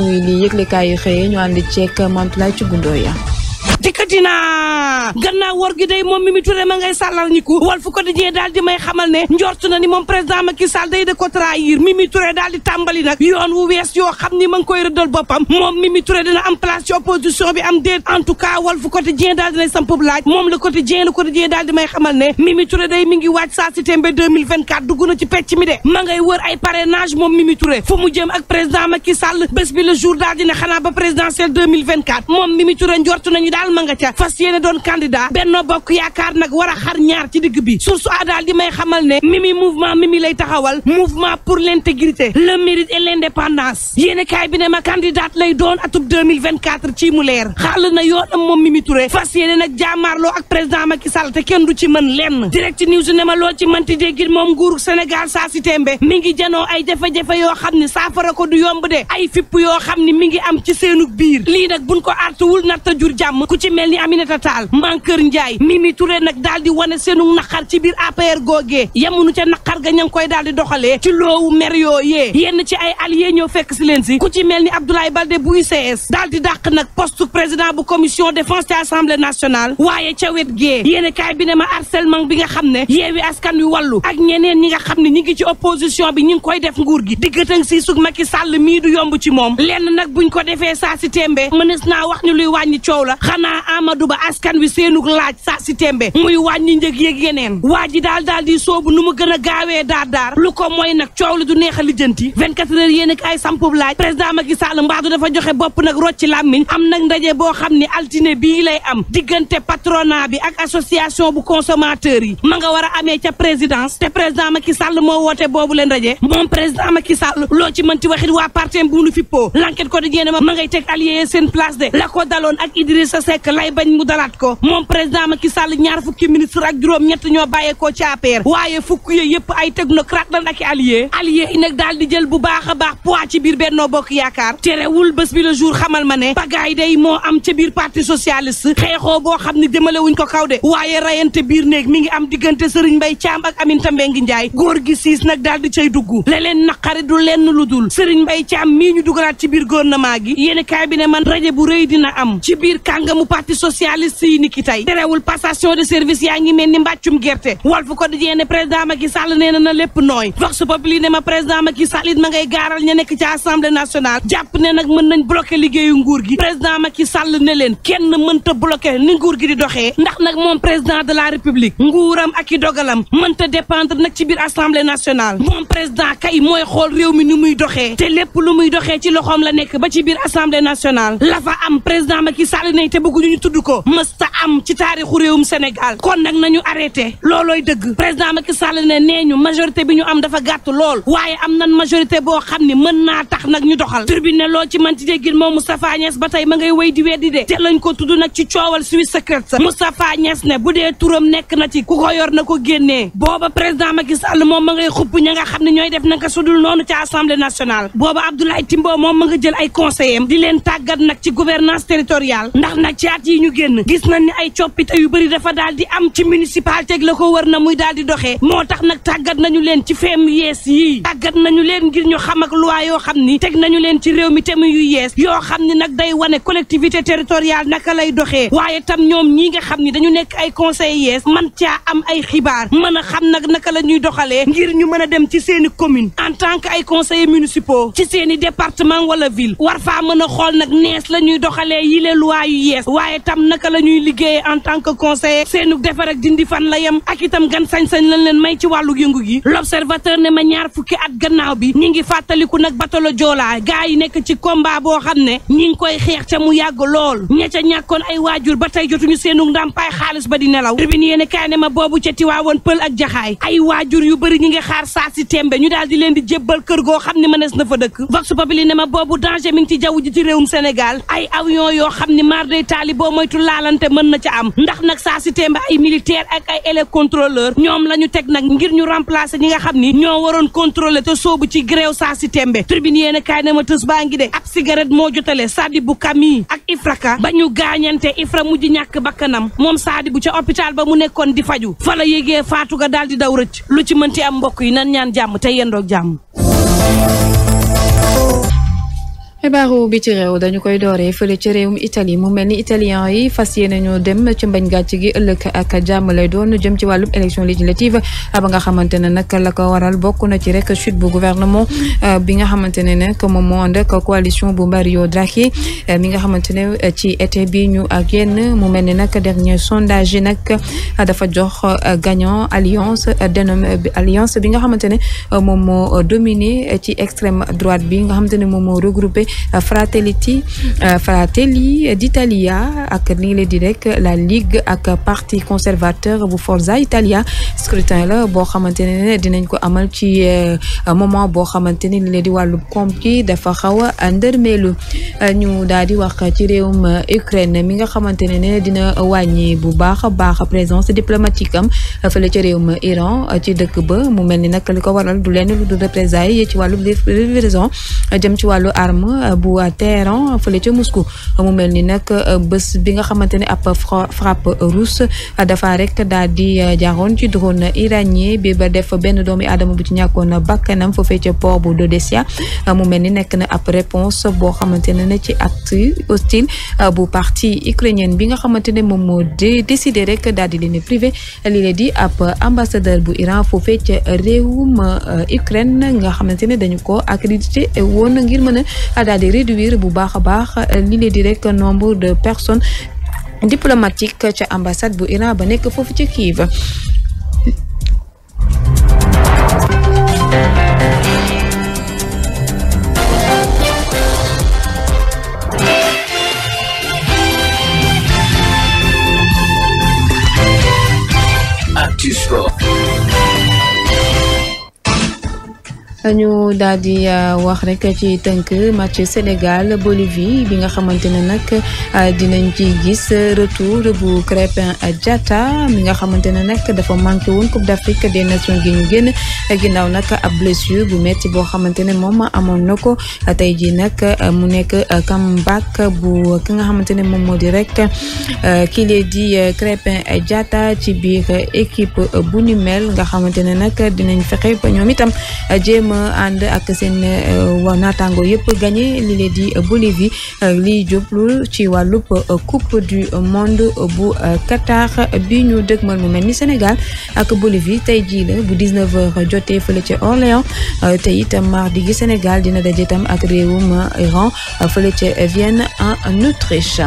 muy li yëglekaay yi xëyee ñu ànd ceek Mame Abdoulaye gundoo Ndoye dina gannaaw wor gi day moom Mimi Touré ma ngay sàllal ñi ku Walf Quotidien daal di may xamal ne njort na ni moom président ko trahir Mimi Touré daal di tàmbali nag yoon wu wees yoo xam ni ma ngi koy rëddal boppam moom Mimi Touré dina am place ci opposition bi am déet en tout cas Walf Quotidien daal dinay samp laaj moom Le Quotidien Le Quotidien daal di may xamal na ci pecc mi de ma bés bi le jour daal dina xanaa ba présidentielle moom Mimi Touré njort nañu daal ma nga ca fas yéene doon candidat Benno Bokk Yaakaar nag war a xar ñaar ci digg bi source a daal di may xamal ne mimi mouvement mimi lay taxawal mouvement pour l'intégrité le mérite et l'indépendance yéene kaay bi ne ma candidate lay doon atub 2024 ci mu leer xàll na yoonam moom Mimi Touré fas yéene nag jaamaarloo ak président Macky Sall te kenn du ci mën lenn direct news ne ma loo ci manti déggit moom nguuru Sénégal saa si tembe mi ngi janoo ay jafe-jafe yoo xam ne saafara ko du yomb de ay fipp yoo xam ne mi ngi am ci seenu biir lii nag buñ ko artuwul natta jur jàmm ku ci mel ni Aminata Tall Mankeur Ndiaye Mimi Touré nag daal di wane seenu naqar ci biir APR googee yamunu ca naqar ga ña ngi koy daal di doxalee ci loowu mer yooyee yenn ci ay alliés ñoo fekk si leen si ku ci mel ni Abdoulaye Baldé bu UCS daal di dàq nag poste président bu commission défense ci assemblée nationale waaye ca wet gee yéen kaay bi ne ma harcèlement bi nga xam ne yeewi askan wi wàllu ak ñeneen ñi nga xam ne ñi ngi ci opposition bi ñi ngi koy def nguur gi diggante si sug Macky Sall mii du yomb ci moom lenn nag buñ ko defee saa si témbee mënees naa wax ñu luy wàññi coow la ma Amadou Ba askan wi seenug laaj saa si tembe muy wàññi njëg yeeg yeneen waa ji daal daal di soobu nu mu gën a gaawee daar daar lu ko mooy nag coow li du neex a lijjanti 24 heures yéen ak ay sampub laaj président Macky Sall mbaadu dafa joxe bopp nag rocci làmmiñ am nag ndaje boo xam ni altine bii lay am diggante patronat bi ak association bu consommateur yi ma nga war a amee ca présidence te président Macky Sall moo woote boobu leen ndaje moom président Macky Sall loo ci mënti waxit waa parti bu nu fippoo l'enquête ma ngay teg day bañ mu dalaat ko moom président Macky Sall ñaar fukki ministre ak juróom ñett ñoo bàyyeekoo ci APR waaye fukk yooyu yëpp ay technocrate lan ak i allié allié yi nag daal di jël bu baax a baax poids ci biir Benno Bokk Yaakaar terewul bés bi le jour xamal ma ne bagaay day moo am ca biir parti socialiste xeexoo boo xam ne demale wuñ ko kaw de waaye rayante biir néeg mi ngi am diggante Serigne Mbaye Thiam ak Aminata Mbengue Ndiaye góor gi siis nag daal di cay dugg la leen naqari du lenn lu dul Serigne Mbaye Thiam mii ñu dugalaat ci biir gouvernement gi yéen kaay bi ne man rajo bu rëy dina am ci biir kàngamu parti parti socialiste yi niki tey terewul passation de service yaa ngi mel ni mbàccum gerte Walf Quotidien ne président Macky Sall nee na na lépp nooy Vox Populi ma président Macky Sall it ma ngay gaaral ña nekk ci assemblée nationale jàpp ne nag mën nañ bloqué liggéeyu nguur gi président Macky Sall ne leen kenn mënta bloqué ni nguur gi di doxee ndax nag moom président de la république nguuram ak i dogalam mënta dépendre nag ci biir assemblée nationale moom président kay mooy xool réew mi ni muy doxee te lépp lu muy doxee ci loxoom la nekk ba ci biir assemblée nationale la tudd ko masta am ci taarixu réewum Sénégal kon nag nañu arrêté loolooy dëgg président Macky Sall ne nee ñu majorité bi ñu am dafa gàtt lool waaye am nan majorité boo xam ne mën naa tax nag ñu doxal tribune loo ci man ci déggin moom Moustapha Niass ba tey ma ngay wéy di weddi de te lañ ko tudd nag ci coowal Swiss Secret Moustapha Niass ne bu dee turam nekk na ci ku ko yor na ko génnee booba président Macky Sall moom ma ngay xupp ña nga xam ne ñooy def naka sudul noonu ci assemblée nationale booba Abdoulaye Timbo moom ma nga jël ay conseillers di leen tàggat nag ci gouvernance territoriale ji ñu génn gis nañ ni ay coppite yu bëri dafa daal di am ci municipalité la ko war na muy daal di doxee moo tax nag tàggat nañu leen ci feem yees yii tàggat nañu leen ngir ñu xam ak loi yoo xam ni teg nañu leen ci réew mi tem yu yees yoo xam ni nag day wane collectivité territoriale naka lay doxee waaye tam ñoom ñii nga xam ni dañu nekk ay conseil yees man caa am ay xibaar mën a xam nag naka la ñuy doxalee ngir ñu mën a dem ci seeni commune en tant que ay conseillers municipaux ci seeni département wala ville war nag nees la itam naka la ñuy liggéeyee en tant que conseiller seenu defar ak dindi fan la ak itam gan sañ-sañ lañ leen may ci wàllu yëngu gi l'observateur ne ma ñaar fukki at gannaaw bi ñu ngi fàttaliku nag batalo joolaa gaa yi nekk ci combat boo xam ne ñi ngi koy xeex ca mu yàgg lool ña ca ñàkkoon ay waajur ba tey jotuñu seenu ndàmpaay xaalis ba di nelaw tribune yéene kaay ne ma boobu ca tiwaawoon pël ak jaxaay ay waajur yu bari ñi ngi xaar saa si tembe ñu daal di leen di jébbal kër goo xam ne mënees na fa dëkk vox populi ne ma boobu danger mi ngi ci jaww ji ci réewum Sénégal ay avion yoo xam ne mar day taali boobu boo moytu laalante mën na ca am ndax nag saa si temba ay militaire ak ay élé contrôleur ñoom la ñu teg nag ngir ñu remplacer ñi nga xam ni ñoo waroon contrôler te soobu ci gréew saa si tembe tribune yéen kaay na tës baa ngi de ak cigarette moo jotale bu kami ak Ifraka ba ñu gaañante Ifra mujj ñàkk bakkanam moom Sadibou ca hôpital ba mu nekkoon di faju fala la yégee faatu ga daal di daw rëcc lu ci mënti am mbokk yi nan ñaan jàmm te yendoog jàmm bi biti réew dañu koy dooree fële ci réewum Italie mu mel ni italien yi fas yéene dem ci mbañ gàcc gi ëllëg ak jàmm lay doon jëm ci wàllum élection législative ba nga xamante ne nag la ko waral bokk na ci rek chute bu gouvernement euh, bi nga xamante ne nag moom moo ànd ak coalition bu Mario Draghi euh, mi nga xamante ne euh, ci été bi ñu ak yenn mu mel ni nag dernier sondage yi nag dafa jox gagnant alliance dénommé alliance bi nga xamante ne moom moo dominé ci extrême droite bi nga xamante ne moom moo regroupé Euh, Fratelli euh, Fratelli d'Italia ak ni ngi leen di rek la Ligue ak parti conservateur bu Forza Italia scrutin la boo xamante ne dinañ ko amal ci euh, moment boo xamante ni li leen di wàllu koom gi dafa xaw a ndërmeelu ñu daal di wax ci réewum Ukraine mi nga xamante ne ne dina wàññi bu baax a baax présence diplomatique am ci réew ma Iran ci dëkk ba mu mel ni nag li ko waral du lenn du représailles ci wàllu livraison jëm ci wàllu arme Euh, bu Téhéran fële ca Moscou mu mel ni nag euh, bés bi nga xamante ne ab frappe russe dafa rek daal di euh, jaaroon ci drone iranien bi ba def benn doomi adama bu ci ñàkkoon bakkanam foofee ca port bu Odessa mu mel ni nekk na ab réponse boo xamante ne na ci acte hostile bu parti ukrainien bi nga xamante ne moom moo décidé rek daal di leen privé lii di ab ambassadeur bu Iran foofee ca réewum Ukraine nga xamante ne dañu ko accrédité woon ngir mën daal di réduire bu baax a baax euh, li leen di rek nombre de personnes diplomatiques ca ambassade bu Iran ba nekk foofu ci Kiev ñu daal di euh, wax rek ci tënk match Sénégal Bolivie bi nga xamante ne nag euh, dinañ ci gis retour bu Crépin Diatta mi nga xamante ne nag dafa manqué woon Coupe d'Afrique des Nations gi ñu génn ginnaaw nag ab blessure bu metti boo xamante ne moom amoon na ko tey jii nag euh, mu nekk kam comeback bu ki nga xamante ne moom moo di rek kii lee di Crépin Diatta ci biir équipe bu ni mel nga xamante ne nag dinañ fexe ba ñoom itam jéem ànd ak seen euh, naataango yëpp gagné li leen di Bolivie euh, liy jublu ci wàllub euh, coupe du monde bu Qatar bi ñu dëgmal mu mel Sénégal ak Bolivie tey jii la bu 19h jotee fële ca Orléans te itam mardi gi Sénégal dina daje tam ak réewum Iran fële ca Vienne en Autriche.